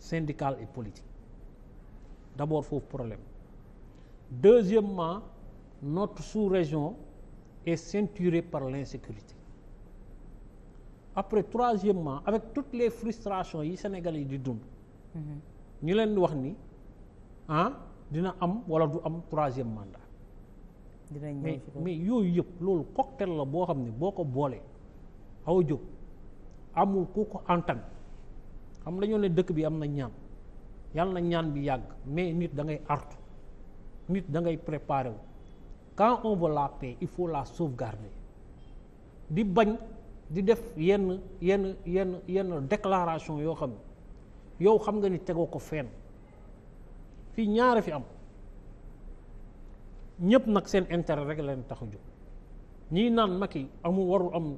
syndicale et politique d'abord foofu problème deuxièmement notre sous-région est ceinturée par l'insécurité après troisièmement avec toutes les frustrations yi Sénégalais yi di dund mhm. ñu leen wax ni ah dina am wala du am troisième mandat mais mais yooyu yëpp loolu cocktail la boo xam ne boo ko boolee aw jóg amul ku ko antan xam nga ñoo ne dëkk bi am na ñaan yàlla na ñaan bi yàgg mais nit da ngay artu nit da ngay préparé wu quand on veut la il faut la sauvegarder di bañ di def yenn yenn yenn yenn déclaration yoo xam yow xam nga ni tegoo ko fenn fii ñaare fi am ñëpp nag seen intérêt rek leen tax a jóg ñii naan Macky amul warul am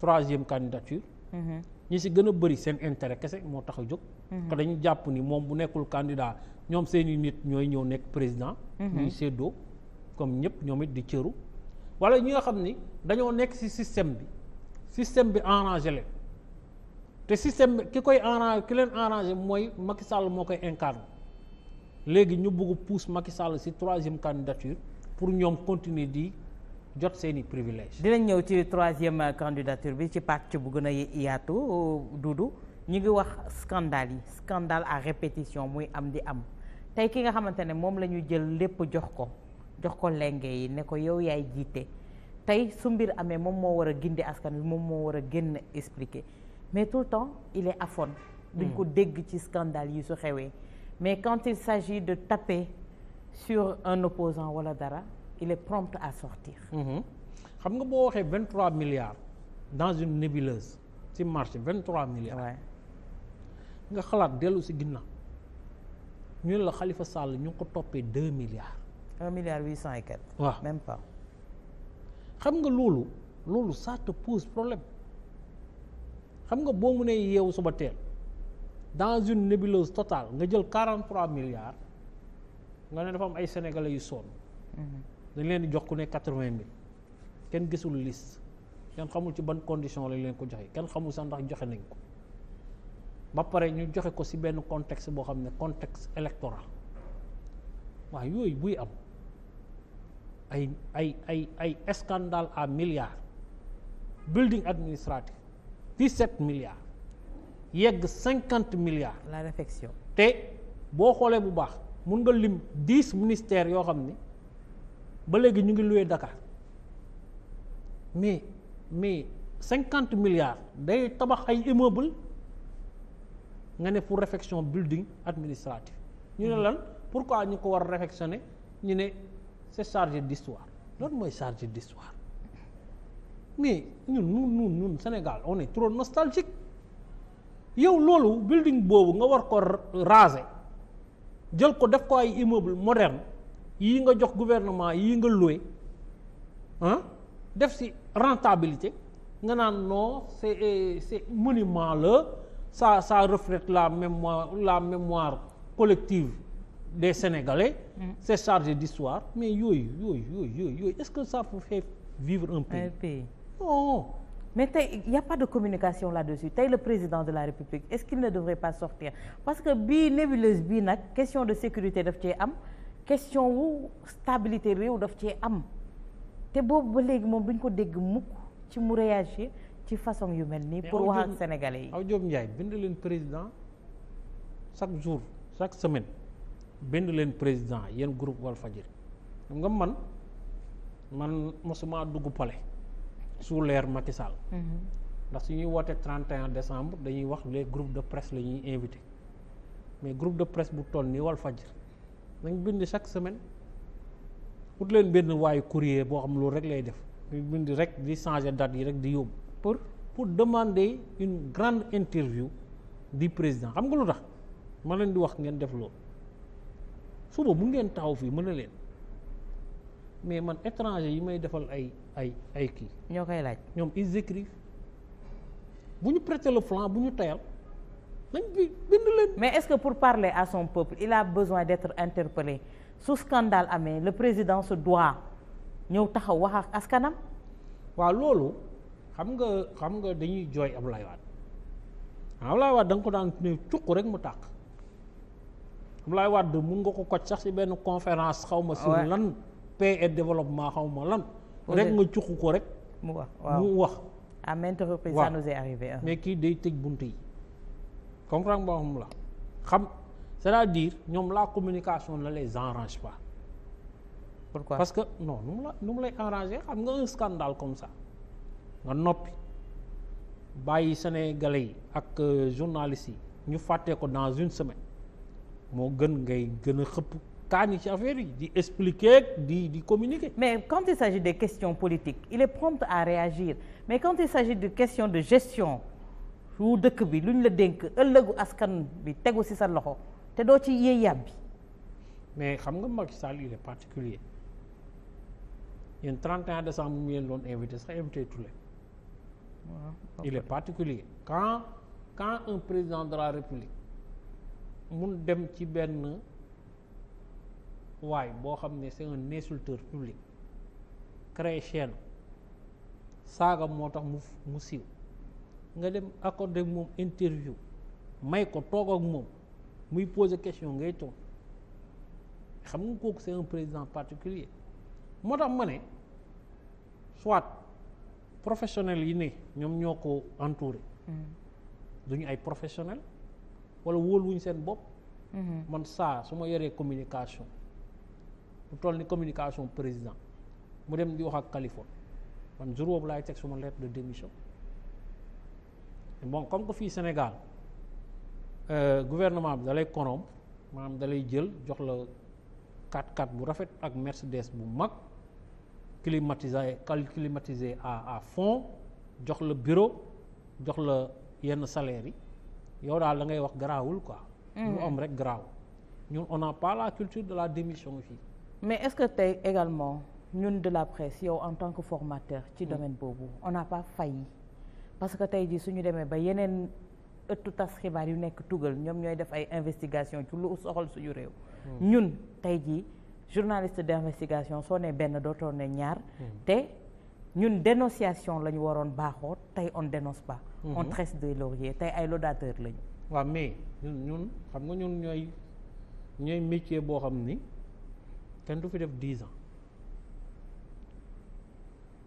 troisième candidature. Mm-hmm. ñi si gën a bëri seen intérêt kese moo tax a jóg. que mhm. dañu jàpp ni moom bu nekkul candidat ñoom seeni nit ñooy ñëw nekk président. Mhm. ñuy séddoo comme ñëpp ñoom it di cëru. wala ñi nga xam ni dañoo nekk si système bi système bi arrangé leen te système bi ki koy arrangé ki leen arrangé mooy Macky sàll moo koy incarné léegi ñu bëgg pousse Macky Sall si troisième candidature pour ñoom continuer di. jot seeni privilège dinañ ñëw ci troisième candidature bi ci pàcc bu gën a yaatu euh, Doudou ñu ngi wax scandale yi scandale à répétition muy am di am tey ki nga xamante ne moom la ñu jël lépp jox ko jox ko lenge yi ne ko yow yaay jiite tey su mbir amee moom moo war a gindi askan bi moom moo war a génn expliquer mais tout le temps il est affon mm. duñ ko dégg ci scandale yi su xewee mais quand il s'agit de taper sur un opposant wala dara il est à sortir. Mhm. xam nga boo waxee vingt trois milliards dans une nébuleuse ci marché vingt trois milliards. nga xalaat dellu si ginnaaw ñu ne la xalifa Sall ñu ngi ko toppee deux milliards. un cent et quatre. même pas. xam nga loolu loolu ça te pose problème xam nga boo mu ne yeewu suba teel dans une nébuleuse totale nga jël quarante trois milliards nga ne dafa ay sénégalais yu sonn. Mhm. dañ leen di jox ku ne quatre-vingt mille kenn gisul liste kenn xamul ci ban condition lañ leen ko joxe kenn xamul sax ndax joxe nañ ko ba pare ñu joxe ko ci benn contexte boo xam ne contexte électoral waa yooyu buy am ay ay ay ay scandale à milliards building administratif dix-sept milliards yegg cinquante milliards. la réflexion te boo xoolee bu baax mun nga lim dix ministères yoo xam ni. ba léegi ñu ngi loué Dakar mais mais cinquante milliards day tabax ay immeuble nga ne pour réfection building administratif ñu ne hmm. lan pourquoi ñu ko war a ñu ne c'est chargé d'histoire loolu mooy chargé d'histoire mais ñun ñun ñun ñun Sénégal on est trop nostalgique yow loolu building boobu nga war ko raser jël ko def ko ay immeuble moderne yi nga jox gouvernement yii nga loué def si rentabilité nga naan non c'est c'est monument la ça ça reflète la mémoire la mémoire collective des Sénégalais. Mmh. c'est chargé d'histoire mais yooyu yooyu yooyu yooyu est-ce que ça peut faire vivre un pays. un pays non. mais tey y a pas de communication là-dessus tey le président de la République est-ce qu'il ne devrait pas sortir parce que bii nébuleuse bii nag question de sécurité daf cee am. question wu stabilité réew daf cee am te boobu ba léegi moom duñ ko dégg mukk ci mu réagir ci façon yu mel nii pour wax ak sénégalais yi aw Diop Ndiaye bind leen président chaque jour chaque semaine bind leen président yéen groupe Walfadjri xam nga man man mosuma dugg pale sous leer Macky Sall mhm. ndax su ñuy wootee 31 décembre dañuy wax les groupe de presse la ñuy invité mais groupe de presse bu toll nii Walfadjri nañ bind chaque semaine ut leen benn waayu courier boo xam loolu rek lay def ñu bind rek di changer date yi rek di yóbbu pour pour demander une grande interview di président xam nga lu tax ma leen di wax ngeen def loolu suba bu ngeen taxaw fii mën na leen mais man étranger yi may defal ay ay ay kii. ñoo koy laaj ñoom is écrivent bu ñu prêter le flanc bu ñu tayal. nañ bi bind leen. mais est-ce que pour parler à son peuple il a besoin d'être interpellé su scandale amee le président se doit ñëw taxaw wax ak askanam. waaw loolu xam nga xam nga dañuy jooy Abdoulaye waat Abdoulaye Wade da nga ko daan ne cuq rek mu tàkk Abdoulaye Wade mun nga ko koj sax ci benn conférence xaw ma. si ah lan paix et développement xaw lan. rek nga cuq ko rek. mu wax waaw mu wax. à maintes reprises ça nous est arrivé. mais kii day tëj bunt yi. comprendre boo xam la xam c'est-à-dire ñoom la communication ne les arrange pas. pourquoi parce que non nu mu la nu mu lay arranger xam nga un scandale comme ça nga noppi bàyyi sénégalais yi ak euh, journalistes yi ñu fàtte ko dans une semaine moo gën ngay gën a xëpp kaani ci affaire yi di expliquer di di communiquer. mais quand il s'agit des questions politiques il est prompt à réagir mais quand il s'agit de question de gestion. ru dëkk bi luñ la dénk ëllëgu askan bi tegu ci sa loxo te doo ci yee yàbbi mais xam nga Macky Sall il est particulier yéen 31 décembre mu ngeen doon invité sax invité tout le monde il est particulier quand quand un président de la république mun dem ci benn waaye boo xam ne c'est un insulteur public créé chaîne saaga moo tax mu mu siiw nga dem accordé moom interview may ko toog ak moom muy poser question ngay toog xam nga kooku c'est un président particulier moo tax ma ne soit professionnel yi ne ñoom ñoo ko entouré mm-hmm. duñu ay professionnel wala wóoluwuñu seen bopp mm-hmm. man saa su ma yoree communication mu toll ni communication président mu dem di wax ak Californie man jour boobu laay teg suma lettre de démission bon comme que fii Sénégal euh, gouvernement bi dalay korom maanaam dalay jël jox la 4 x bu rafet ak Mercedes bu mag climatisé climatisé à à fond jox la bureau jox la yenn salaire yi yow daal da ngay wax garaawul quoi. Mm. lu am rek garaaw ñun on n'a pas la culture de la démission fii. mais est-ce que tey également ñun de la presse yow en tant que formateur. ci domaine boobu on n'a pas parce que tey jii suñu demee ba yeneen ëttu tas xibaar yu nekk tugal ñoom ñooy def ay investigation ci lu soxal suñu réew hmm. ñun tey jii journaliste d'investigation soo ne benn dootoo ne ñaar hmm. te ñun dénonciation la ñu waroon baaxoo tey on dénonce pas hmm. on traite des lauriers tey ay lodateur lañu waaw mais ñun ñun xam nga ñun ñooy ñooy métier boo xam ni kenn du fi def dix ans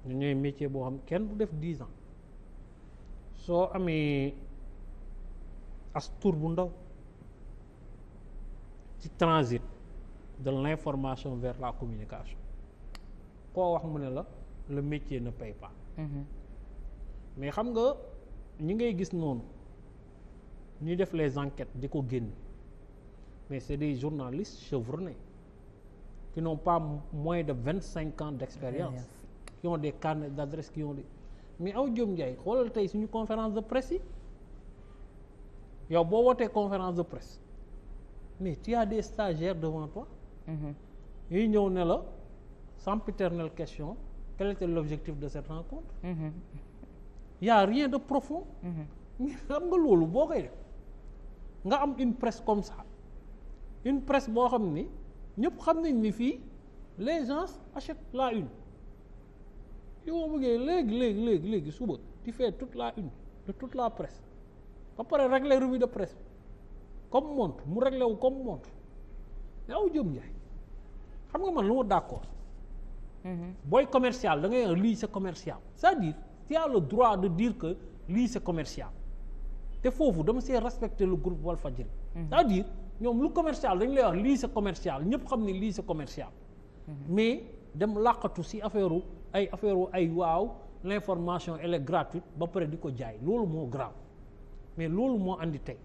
ñun ñooy métier boo xam kenn du def dix ans soo amee as tur bu ndaw ci transit de l'information vers la communication koo wax mu ne la le métier ne paypa pas mm-hmm. mais xam nga ñi ngay gis noonu ñuy def les enquêtes di ko génn mais c'est des journalistes chevronnés qui n'ont pas moins de vingt cinq ans d'expérience qui ont des carnets d'adresses qui ont des mais aw Diop Ndiaye xoolal tey suñu conférence de presse yi yow boo wootee conférence de presse mais tu as des stagiaires devant toi. Mhm. yuy ñëw ne la sempiternelle question quel était l'objectif de cette rencontre. Mmh. y a rien de profond. Mhm. xam nga loolu boo koy def nga am une presse comme ça une presse boo xam ni ñëpp xam nañ ni fii les gens achètent la yow léegi léegi léegi léegi suba tu fais toute la une de toute la presse ba pare régler revue de presse comme montre mu réglé wu comme montre mais aw jëm njaay xam nga man lu ma d'accord. Mhm. booy commercial da ngay lii sa commercial c'est-à-dire tu droit de dire que lii c'est commercial te foofu dama see respecter lu groupe Walfadjri mhm. c'est-à-dire ñoom lu commercial dañ lay wax lii sa commercial ñëpp xam ne lii sa commercial mhm. mais dem làqatu si affaire ay affaire ay waaw l'information elle est ba pare di ko jaay loolu moo grave mais loolu moo indi tey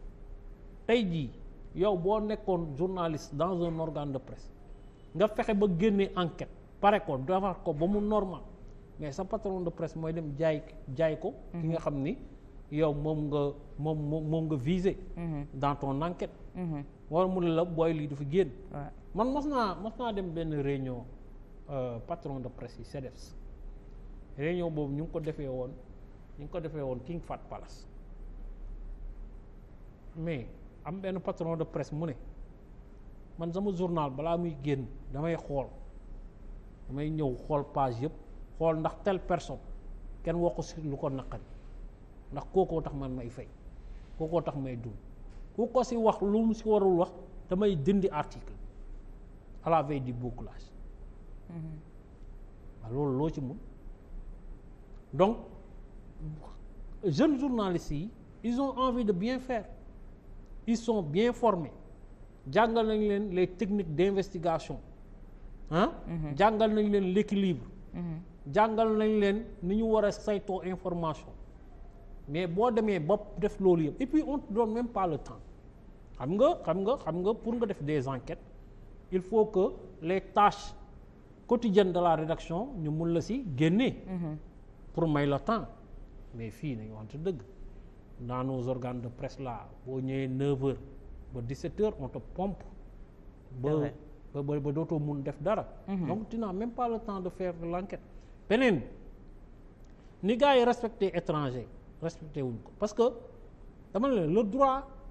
tey jii yow boo nekkoon journaliste dans un organe de presse nga fexe ba génnee enquête pare ko defar ko ba mu normal mais sa patron de presse mooy dem jaay jaay ko ki nga mhm. xam ni yow moom nga moom moom nga visé mhm. dans ton enquête mhm. war mu ne la booy lii dafa génn man mos naa mos naa dem benn réunion Euh, patron de presse yi CDEPS réunion boobu ñu ngi ko defee woon ñu ngi ko defee woon King Fahd Palace mais am benn patron de presse mu ne man sama journal balaa muy génn damay xool damay ñëw xool page yëpp xool ndax telle personne kenn waxu si lu ko naqari ndax kookoo tax man may fay kookoo tax may dund ku ko si wax lu mu si warul wax damay dindi article à la veille du bouclage waaw loolu loo ci mun donc jeunes journalistes yi ils ont envie de bien faire ils sont bien formés jàngal nañ leen les techniques d'investigation ah jàngal nañ leen l'équilibre mm-hmm. jàngal nañ leen ni ñu war a saytoo information mais boo demee ba def loolu yëpp et puis on te donne même pas le temps xam nga xam nga xam nga pour nga def des enquêtes il faut que les tâches quotidienne de la rédaction ñu mun la si génne. Mhm. pour may la temps mais fii nañu waxante dëgg dans nos de presse là boo ñëwee 9h ba 17h on te pompe. ba ba ba dootoo mun def dara. Mhm. donc tu même pas le temps de faire l'enquête beneen ni gars yi respecté étranger respecté ko parce dama ne le droit.